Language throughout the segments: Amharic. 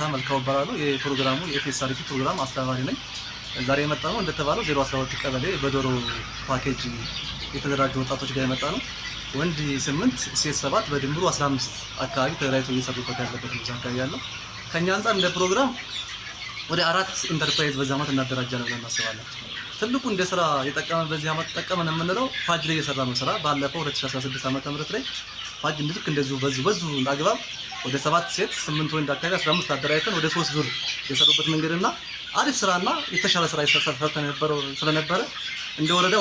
ጌታ መልካው እባላለሁ። የፕሮግራሙ የኤፍኤስአርፒ ፕሮግራም አስተባባሪ ነኝ። ዛሬ የመጣ ነው እንደተባለው 012 ቀበሌ በዶሮ ፓኬጅ የተደራጁ ወጣቶች ጋር የመጣ ነው። ወንድ 8 ሴት 7 በድምሩ 15 አካባቢ ተደራጅቶ እየሰሩበት ያለበት ነው አካባቢ ያለው። ከኛ አንጻር እንደ ፕሮግራም ወደ አራት ኢንተርፕራይዝ በዚህ ዓመት እናደራጃለን ብለን እናስባለን። ትልቁ እንደ ስራ የጠቀመ በዚህ ዓመት ጠቀመን የምንለው ፋጅ ላይ እየሰራ ነው ስራ ባለፈው 2016 ዓ.ም ላይ ፋጅ ልክ እንደዚሁ በዙ በዚሁ አግባብ ወደ ሰባት ሴት ስምንት ወንድ አካባቢ አስራ አምስት አደራጅተን ወደ ሶስት ዙር የሰሩበት መንገድና አሪፍ ስራና የተሻለ ስራ ሰርተን ስለነበረ እንደ ወረዳ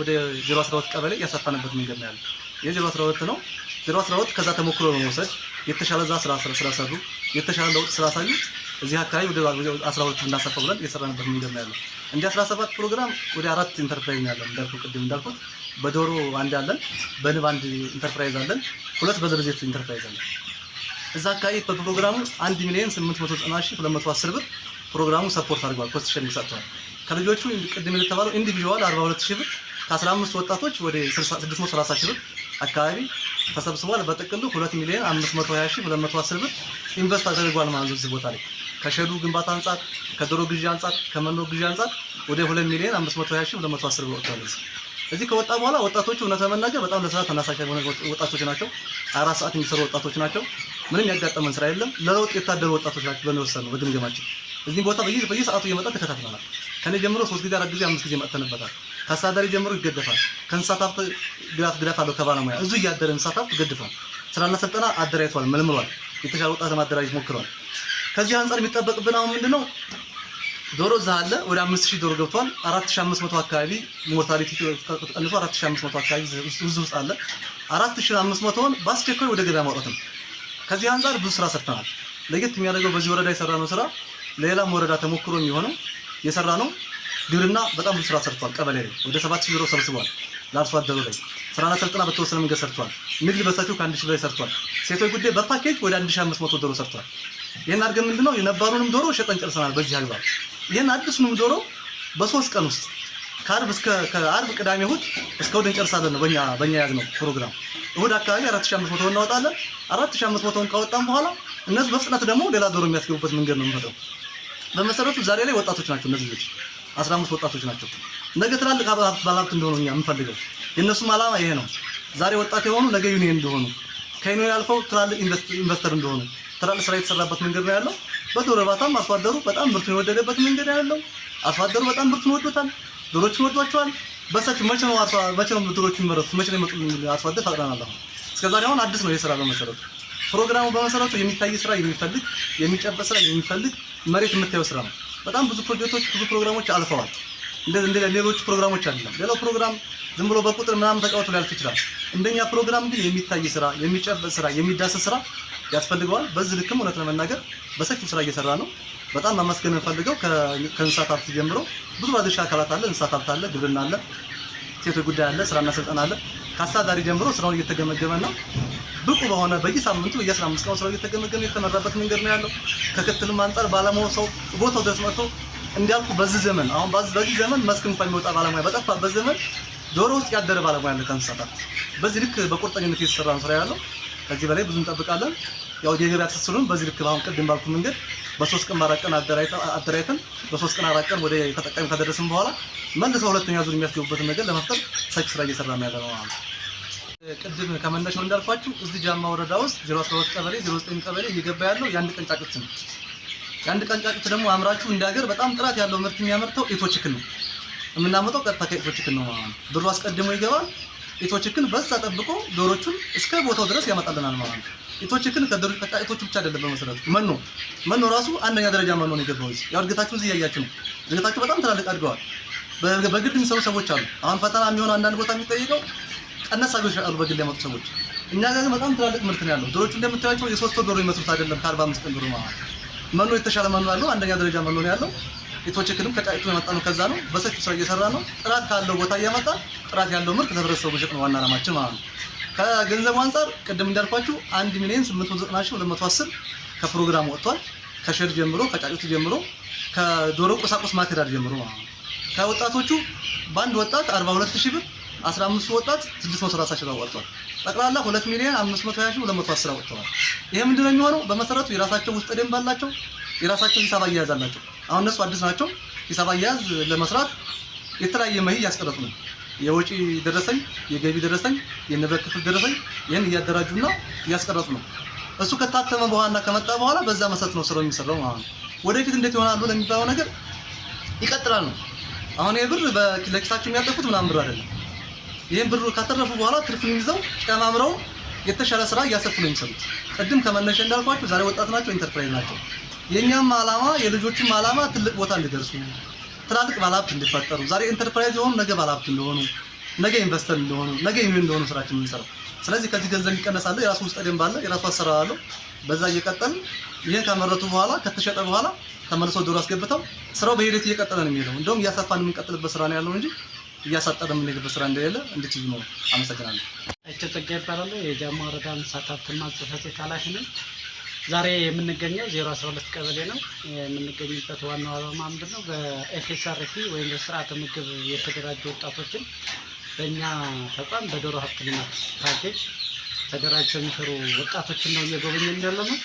ወደ ዜሮ አስራ ሁለት ቀበሌ ያሳታንበት መንገድ ነው ያለው። የዜሮ አስራ ሁለት ነው ዜሮ አስራ ሁለት ከዛ ተሞክሮ በመውሰድ የተሻለ ዛ ስራ ስለሰሩ የተሻለ ለውጥ ስላሳዩ እዚህ አካባቢ ወደ 12 እናሰፋ ብለን እየሰራንበት መንገድ ነው ያለው። እንደ 17 ፕሮግራም ወደ አራት ኢንተርፕራይዝ ያለው። እንዳልኩ ቅድም እንዳልኩት በዶሮ አንድ አለን፣ በንብ አንድ ኢንተርፕራይዝ አለን፣ ሁለት በዘበዜት ኢንተርፕራይዝ አለን። እዛ አካባቢ በፕሮግራሙ 1 ሚሊዮን 890 ሺህ 210 ብር ፕሮግራሙ ሰፖርት አድርጓል። ኮስት ሼሪንግ ሰጥቷል። ከልጆቹ ቅድም የተባለው ኢንዲቪዥዋል ሺህ ብር ከ15 ወጣቶች ወደ 630 ሺህ ብር አካባቢ ተሰብስቧል። በጥቅሉ 2 ሚሊዮን 520 ሺህ 210 ብር ኢንቨስት አድርጓል ማለት ነው እዚህ ቦታ ላይ ከሸዱ ግንባታ አንጻር፣ ከዶሮ ግዢ አንጻር፣ ከመኖ ግዢ አንጻር ወደ 2 ሚሊዮን 520 ሺህ 210 ብር ወጥቷል። እዚህ ከወጣ በኋላ ወጣቶቹ እውነት ለመናገር በጣም ለስራ ተነሳሽ የሆነ ወጣቶች ናቸው። አራት ሰዓት የሚሰሩ ወጣቶች ናቸው። ምንም ያጋጠመን ስራ የለም። ለለውጥ የታደሉ ወጣቶች ናቸው። በሚወሰኑ በግምገማችን እዚህ ቦታ በየ በየ ሰዓቱ እየመጣ ተከታትለናል። ከኔ ጀምሮ ሶስት ጊዜ አራት ጊዜ አምስት ጊዜ መጥተንበታል። ከአስተዳዳሪ ጀምሮ ይገደፋል። ከእንስሳት ሀብት ግዳፍ ግዳፍ አለው ከባለሙያ እዙ እያደረ እንስሳት ሀብት ገድፏል። ስራና ስልጠና አደራጅቷል፣ መልምሏል። የተሻለ ወጣት ለማደራጀት ሞክሯል። ከዚህ አንጻር የሚጠበቅብን አሁን ምንድነው ዶሮ እዛ አለ ወደ 5000 ዶሮ ገብቷል። 4500 አካባቢ ሞርታሊቲ ተቀንሶ 4500 አካባቢ ብዙ ውስጥ አለ። 4500ን በአስቸኳይ ወደ ገበያ ማውጣት ነው። ከዚህ አንጻር ብዙ ስራ ሰርተናል። ለየት የሚያደርገው በዚህ ወረዳ የሰራነው ነው ስራ ሌላም ወረዳ ተሞክሮ የሚሆነው የሰራ ነው። ግብርና በጣም ብዙ ስራ ሰርቷል። ቀበሌ ላይ ወደ 7000 ዶሮ ሰብስቧል። ለአርሶ አደሩ ላይ ስራና ስልጠና በተወሰነ መንገድ ሰርቷል። ንግድ በሰፊው ከ1000 በላይ ሰርቷል። ሴቶች ጉዳይ በፓኬጅ ወደ 1500 ዶሮ ሰርቷል። ይህን አድርገን ምንድነው የነባሩንም ዶሮ ሸጠን ጨርሰናል። በዚህ አግባብ ይህን አዲሱንም ዶሮ በሶስት ቀን ውስጥ ከአርብ እስከ ከአርብ ቅዳሜ እሑድ እስከ እሑድ እንጨርሳለን ነው በእኛ በእኛ የያዝነው ፕሮግራም። እሑድ አካባቢ 4500 እናወጣለን። 4500ን ካወጣን በኋላ እነሱ በፍጥነት ደግሞ ሌላ ዶሮ የሚያስገቡበት መንገድ ነው የምንፈጥረው። በመሰረቱ ዛሬ ላይ ወጣቶች ናቸው እነዚህ ልጆች 15 ወጣቶች ናቸው። ነገ ትላልቅ ባለሀብት እንደሆኑ እኛ የምንፈልገው የእነሱም ዓላማ ይሄ ነው። ዛሬ ወጣት የሆኑ ነገ ዩኒየን እንደሆኑ ከዩኒየን አልፈው ትላልቅ ኢንቨስተር እንደሆኑ ትላልቅ ስራ የተሰራበት መንገድ ነው ያለው። በዶሮ እርባታም አርሶ አደሩ በጣም ምርቱን የወደደበት መንገድ ነው ያለው። አርሶ አደሩ በጣም ምርቱን ወዶታል። ዶሮችን ወዷቸዋል። በሰፊ መቼ ነው አርሶ መቼ ነው ዶሮች የሚመረቱት? መቼ ነው ይመጡ አርሶ አደር ፈቅደናል። አሁን እስከዛሬ አሁን አዲስ ነው የስራ በመሰረቱ ፕሮግራሙ በመሰረቱ የሚታይ ስራ የሚፈልግ የሚጨበጥ ስራ የሚፈልግ መሬት የምታየው ስራ ነው። በጣም ብዙ ፕሮጀክቶች ብዙ ፕሮግራሞች አልፈዋል። እንደ ሌሎች ፕሮግራሞች አይደለም። ሌላው ፕሮግራም ዝም ብሎ በቁጥር ምናምን ተጫውቶ ሊያልፍ ይችላል። እንደኛ ፕሮግራም ግን የሚታይ ስራ የሚጨበጥ ስራ የሚዳሰስ ስራ ያስፈልገዋል። በዚህ ልክም እውነት ለመናገር በሰፊው ስራ እየሰራ ነው። በጣም ማመስገን የምፈልገው ከእንስሳት ሀብት ጀምሮ ብዙ ባለድርሻ አካላት አለ። እንስሳት ሀብት አለ፣ ግብርና አለ፣ ሴቶች ጉዳይ አለ፣ ስራና ስልጠና አለ። ከአስተዳዳሪ ጀምሮ ስራውን እየተገመገመ እና ብቁ በሆነ በየሳምንቱ በየ15 ቀኑ ስራው እየተገመገመ የተመራበት መንገድ ነው ያለው። ከክትልም አንጻር ባለሙያው ሰው ቦታው ድረስ መጥቶ እንዲያልኩ በዚህ ዘመን አሁን በዚህ ዘመን መስክ እንኳን የሚወጣ ባለሙያ በጠፋበት ዘመን ዶሮ ውስጥ ያደረ ባለሙያ አለ ከእንስሳት በዚህ ልክ በቁርጠኝነት እየተሰራ ነው ስራ ያለው። ከዚህ በላይ ብዙ እንጠብቃለን። ያው የገበያ ትስስሩን በዚህ ልክ አሁን ቅድም ባልኩ መንገድ በሶስት ቀን አራት ቀን አደራይተን በሶስት ቀን አራት ቀን ወደ ተጠቃሚ ከደረስን በኋላ መልሰው ሁለተኛ ዙር የሚያስገቡበትን ነገር ለመፍጠር ሰፊ ስራ እየሰራ ነው ያለ ነው ማለት ነው። ቅድም ከመነሻው እንዳልኳችሁ እዚህ ጃማ ወረዳ ውስጥ 012 ቀበሌ 09 ቀበሌ እየገባ ያለው የአንድ ቀን ጫጩት ነው። የአንድ ቀን ጫጩት ደግሞ አምራችሁ እንዳገር በጣም ጥራት ያለው ምርት የሚያመርተው ኢቶችክን ነው የምናመጣው። ቀጥታ ከኢቶችክን ነው ማለት ነው። ብሩ አስቀድሞ ይገባል። ኢቶችክን በዛ ጠብቆ ዶሮቹን እስከ ቦታው ድረስ ያመጣልናል ማለት ነው። ኢቶችክን ከደረጃ ተቃ ኢቶች ብቻ አይደለም በመሰረቱ መኖ መኖ ራሱ አንደኛ ደረጃ መኖ ነው የገባው። ያው እድገታችሁ እዚህ እያያችሁ ነው። እድገታችሁ በጣም ትላልቅ አድገዋል። በግል የሚሰሩ ሰዎች አሉ። አሁን ፈተና የሚሆን አንዳንድ ቦታ የሚጠይቀው ቀነስ አድርገው ይሸጣሉ፣ በግል ያመጡ ሰዎች። እኛ ጋር ግን በጣም ትላልቅ ምርት ነው ያለው። ዶሮቹ እንደምታያቸው የሶስት ወር ዶሮ ይመስሉት አይደለም፣ ከአርባ አምስት ቀን ዶሮ ማለት መኖ የተሻለ መኖ ያለው አንደኛ ደረጃ መኖ ነው ያለው። ኢቶችክንም ከጫይቱ የመጣ ነው። ከዛ ነው በሰፊው ስራ እየሰራ ነው። ጥራት ካለው ቦታ እያመጣ ጥራት ያለው ምርት ለህብረተሰቡ መሸጥ ነው ዋና አላማችን ማለት ነው። ከገንዘቡ አንጻር ቅድም እንዳልኳችሁ 1 ሚሊዮን 890 ሺህ 210 ከፕሮግራም ወጥቷል። ከሸር ጀምሮ ከጫጩት ጀምሮ ከዶሮ ቁሳቁስ ማቴሪያል ጀምሮ ከወጣቶቹ በአንድ ወጣት 42000 ብር 15 ወጣት 630 ሺህ ብር ወጥቷል። ጠቅላላ 2 ሚሊዮን 520 ሺህ 210 ወጥቷል። ይሄ ምንድን ነው የሚሆነው? በመሰረቱ የራሳቸው ውስጥ ደንብ አላቸው፣ የራሳቸው ሂሳብ አያያዝ አላቸው። አሁን እነሱ አዲስ ናቸው። ሂሳብ አያያዝ ለመስራት የተለያየ መሄድ እያስቀረጡ ነው። የወጪ ደረሰኝ፣ የገቢ ደረሰኝ፣ የንብረት ክፍል ደረሰኝ ይህን እያደራጁና እያስቀረጹ ነው። እሱ ከታተመ በኋላ ከመጣ በኋላ በዛ መሰረት ነው ስራው የሚሰራው ማለት ነው። ወደፊት እንዴት ይሆናሉ ለሚባለው ነገር ይቀጥላል ነው። አሁን ይህ ብር ለኪሳቸው የሚያጠፉት ምናምን ብር አይደለም። ይህን ብር ካተረፉ በኋላ ትርፍን ይዘው ቀማምረው የተሻለ ስራ እያሰፉ ነው የሚሰሩት። ቅድም ከመነሻ እንዳልኳቸው ዛሬ ወጣት ናቸው፣ ኢንተርፕራይዝ ናቸው። የእኛም አላማ የልጆችም አላማ ትልቅ ቦታ እንዲደርሱ ትላልቅ ባለሀብት እንዲፈጠሩ ዛሬ ኢንተርፕራይዝ የሆኑ ነገ ባለሀብት እንደሆኑ ነገ ኢንቨስተር እንደሆኑ ነገ ኢንቨስተር እንደሆኑ ስራችን የምንሰራው። ስለዚህ ከዚህ ገንዘብ ይቀነሳል። የራሱ ውስጥ ደም ባለ የራሱ አሰራር አለው። በዛ እየቀጠል ይሄን ካመረቱ በኋላ ከተሸጠ በኋላ ተመልሶ ዶሮ አስገብተው ስራው በሂደት እየቀጠለ ነው የሚሄደው። እንደውም እያሰፋን የምንቀጥልበት ስራ ነው ያለው እንጂ እያሳጠረ የምንሄድበት ስራ እንደሌለ እንድትይዙ ነው። አመሰግናለሁ። እቸው ጸጋ ይባላል። የጃማ ወረዳ እንስሳት ሀብትና ጽሕፈት ቤት ኃላፊ ነኝ። ዛሬ የምንገኘው 012 ቀበሌ ነው። የምንገኝበት ዋናው አላማ ምንድን ነው? በኤፍኤስአርፒ ወይም በስርዓተ ምግብ የተደራጁ ወጣቶችን በእኛ ተቋም በዶሮ ሀብት ልማት ፓኬጅ ተደራጅተው የሚሰሩ ወጣቶችን ነው እየጎበኘን ያለ ነው።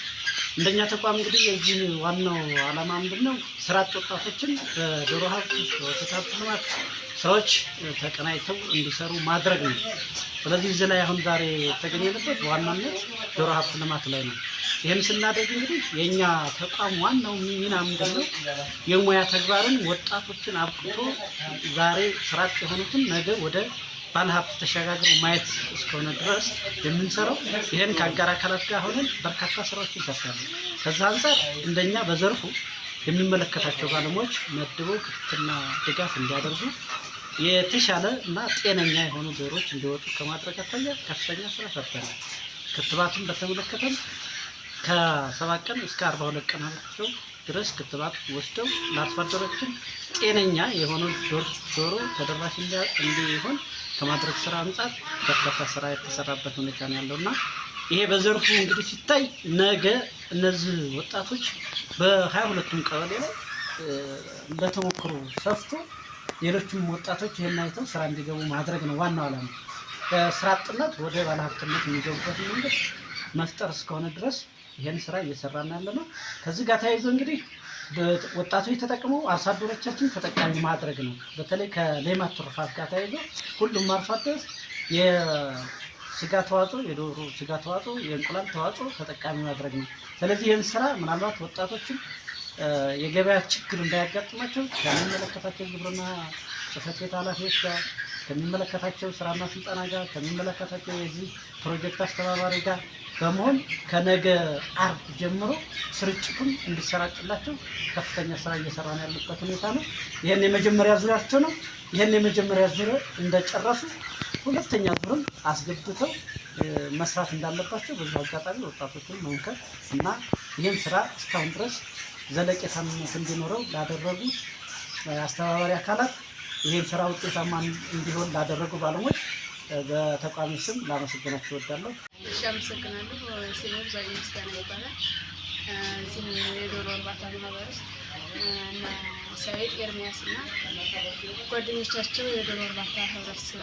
እንደኛ ተቋም እንግዲህ የዚህ ዋናው አላማ ምንድን ነው? ስራ አጥ ወጣቶችን በዶሮ ሀብት በወተት ሀብት ልማት ስራዎች ተቀናጅተው እንዲሰሩ ማድረግ ነው። ስለዚህ እዚህ ላይ አሁን ዛሬ የተገኘንበት ዋናነት ዶሮ ሀብት ልማት ላይ ነው። ይህን ስናደርግ እንግዲህ የእኛ ተቋም ዋናው ሚና ምንድነው? የሙያ ተግባርን ወጣቶችን አብቅቶ ዛሬ ስራ አጥ የሆኑትን ነገ ወደ ባለሀብት ተሸጋግሮ ማየት እስከሆነ ድረስ የምንሰራው ይህን ከአጋር አካላት ጋር ሆነን በርካታ ስራዎችን እንሰርታለን። ከዛ አንጻር እንደኛ በዘርፉ የሚመለከታቸው ባለሙያዎች መድበው ክትትልና ድጋፍ እንዲያደርጉ የተሻለ እና ጤነኛ የሆኑ ዶሮዎች እንዲወጡ ከማድረግ አኳያ ከፍተኛ ስራ ሰርተናል። ክትባቱን በተመለከተም ከሰባት ቀን እስከ አርባ ሁለት ቀናቸው ድረስ ክትባት ወስደው ለአርሶ አደሮችን ጤነኛ የሆነ ዶሮ ተደራሽ እንዲሆን ከማድረግ ስራ አንጻር በርካታ ስራ የተሰራበት ሁኔታ ነው ያለው እና ይሄ በዘርፉ እንግዲህ ሲታይ ነገ እነዚህ ወጣቶች በሀያ ሁለቱም ቀበሌ ላይ እንደተሞክሮ ሰፍቶ ሌሎችም ወጣቶች ይህን አይተው ስራ እንዲገቡ ማድረግ ነው ዋናው ዓላማ። ከስራ አጥነት ወደ ባለሀብትነት የሚገቡበት መንገድ መፍጠር እስከሆነ ድረስ ይህን ስራ እየሰራን ያለ ነው። ከዚህ ጋር ተያይዞ እንግዲህ ወጣቶች ተጠቅመው አርሶ አደሮቻችን ተጠቃሚ ማድረግ ነው። በተለይ ከሌማት ትሩፋት ጋር ተያይዞ ሁሉም አርሶ አደር የስጋ ተዋጽኦ፣ የዶሮ ስጋ ተዋጽኦ፣ የእንቁላል ተዋጽኦ ተጠቃሚ ማድረግ ነው። ስለዚህ ይህን ስራ ምናልባት ወጣቶችን የገበያ ችግር እንዳያጋጥማቸው ከሚመለከታቸው ግብርና ጽሕፈት ቤት ኃላፊዎች ጋር ከሚመለከታቸው ስራና ስልጠና ጋር ከሚመለከታቸው የዚህ ፕሮጀክት አስተባባሪ ጋር በመሆን ከነገ አርብ ጀምሮ ስርጭቱን እንዲሰራጭላቸው ከፍተኛ ስራ እየሰራ ነው ያለበት ሁኔታ ነው። ይህን የመጀመሪያ ዙሪያቸው ነው። ይህን የመጀመሪያ ዙር እንደጨረሱ ሁለተኛ ዙርም አስገብተው መስራት እንዳለባቸው በዚህ አጋጣሚ ወጣቶችን መምከር እና ይህን ስራ እስካሁን ድረስ ዘለቄታነት እንዲኖረው ላደረጉት አስተባባሪ አካላት ይህን ስራ ውጤታማ እንዲሆን ላደረጉ ባለሙያዎች በተቋሚ ስም ላመሰግናችሁ እወዳለሁ። እሺ፣ አመሰግናለሁ። ስሜ ብዛኝ ምስጋና ይባላል። እዚህ የዶሮ እርባታ ማህበር ውስጥ እና ሰይድ ኤርሚያስ እና ጓደኞቻቸው የዶሮ እርባታ ህብረት ስራ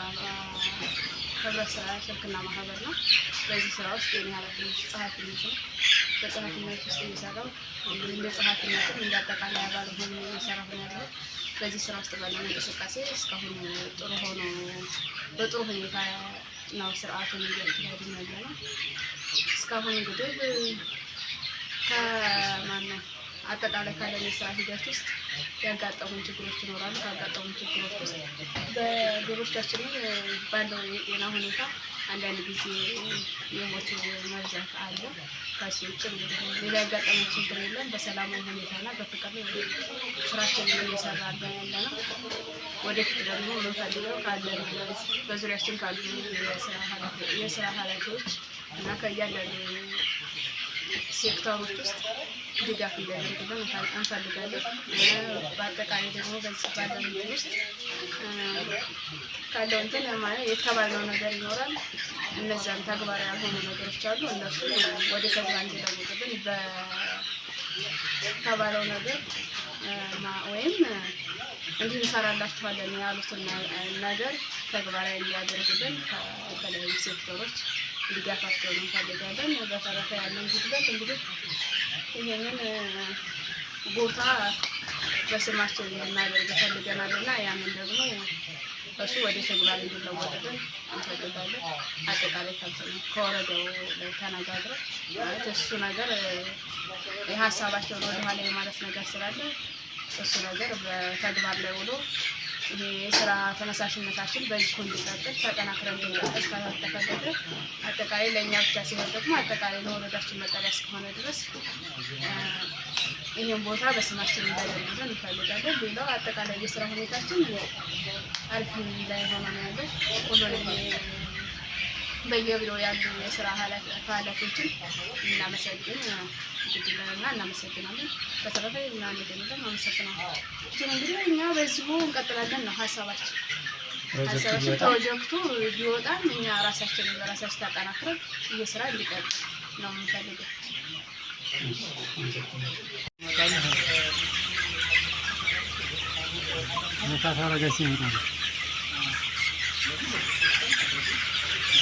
ህብረት ስራ ሽርክና ማህበር ነው። በዚህ ስራ ውስጥ የኔ ኃላፊነት ጸሐፊነት ነው። በጸሐፊነት ውስጥ የሚሰራው እንደ ጸሐፊነትም እንደ አጠቃላይ አባል ሆኜ የሰራሁ ነው በዚህ ስራ ውስጥ ባለው እንቅስቃሴ እስካሁን ጥሩ ሆኖ በጥሩ ሁኔታ ነው ስርዓቱን እያካሄድ ነው ያለ። እስካሁን እንግዲህ ከማነው አጠቃላይ ካለን የስራ ሂደት ውስጥ ያጋጠሙን ችግሮች ይኖራሉ። ካጋጠሙን ችግሮች ውስጥ በዶሮቻችንም ባለው የጤና ሁኔታ አንዳንድ ጊዜ የሞት መብዛት አለ። ከሱ ውጭ ሌላ ያጋጠመ ችግር የለም። በሰላማዊ ሁኔታ ሁኔታና በፍቅር ስራችንን እየሰራ ያለ ነው። ወደፊት ደግሞ የምንፈልገው ካለ በዙሪያችን ካሉ የስራ ኃላፊዎች እና ከእያንዳንዱ ሴክተሮች ውስጥ ድጋፍ እንዲያደርግልን እንፈልጋለን። በአጠቃላይ ደግሞ በዚህ ባለን ውስጥ ካለው እንትን የተባለው ነገር ይኖራል። እነዚያን ተግባር ያልሆኑ ነገሮች አሉ። እነሱ ወደ ተግባር እንዲለወጡልን በተባለው ነገር ወይም እንዲህ እንሰራላችኋለን ያሉትን ነገር ተግባራዊ እንዲያደርግልን ከተለያዩ ሴክተሮች ድጋፋቸው ፈልጋለን በተረፈ ያለን ጉድለት እንግዲህ ይሄንን ቦታ በስማችን እንድናደርግ ፈልገናል እና ያንን ደግሞ እሱ ወደ ተግባር እንዲለወጥልን እንፈልጋለን። አጠቃላይ ካልሰነ ከወረዳው ላይ ማለት እሱ ነገር የሀሳባቸውን ወደኋላ የማለት ነገር ስላለ እሱ ነገር በተግባር ላይ ውሎ ይሄ የስራ ተነሳሽነታችን በዚህ እንዲቀጥል ተጠናክረን እንድንቀጥል ከተፈለገ አጠቃላይ ለእኛ ብቻ ሲሆን ደግሞ አጠቃላይ ለወረዳችን መጠሪያ እስከሆነ ድረስ ይህን ቦታ በስማችን እንዳያይዘን እንፈልጋለን። ሌላው አጠቃላይ የስራ ሁኔታችን አሪፍ ላይ ሆነ ያለ ሁሉንም በየብሎ ያሉ የስራ ኃላፊዎችን እናመሰግን ግድና እናመሰግናለን። በተረፈ ምናንገንለን አመሰግናለን። እንግዲህ እኛ በዚሁ እንቀጥላለን ነው ሀሳባችን። ሀሳባችን ፕሮጀክቱ ቢወጣም እኛ ራሳችን በራሳችን ታጠናክረን እየስራ እንዲቀጥ ነው የምንፈልገው። ታሳረገ ሲመጣ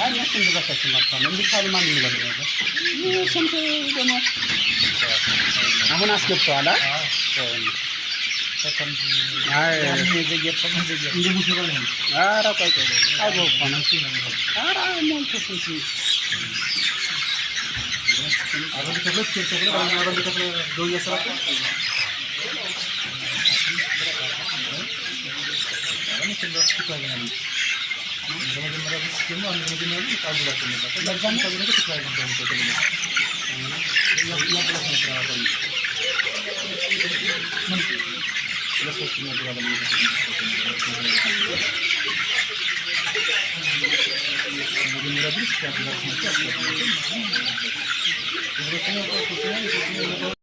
Her yer sındıra taşınmak sanırım. Bir tane kaliman değil böyle. Şimdi bunu. Ama nasıl yaptı hala? Arabi kapı, kapı, arabi kapı, doya Arabi kapı, doya నిజమైన scheme నిజమైన card పడుతుంది ఇక్కడ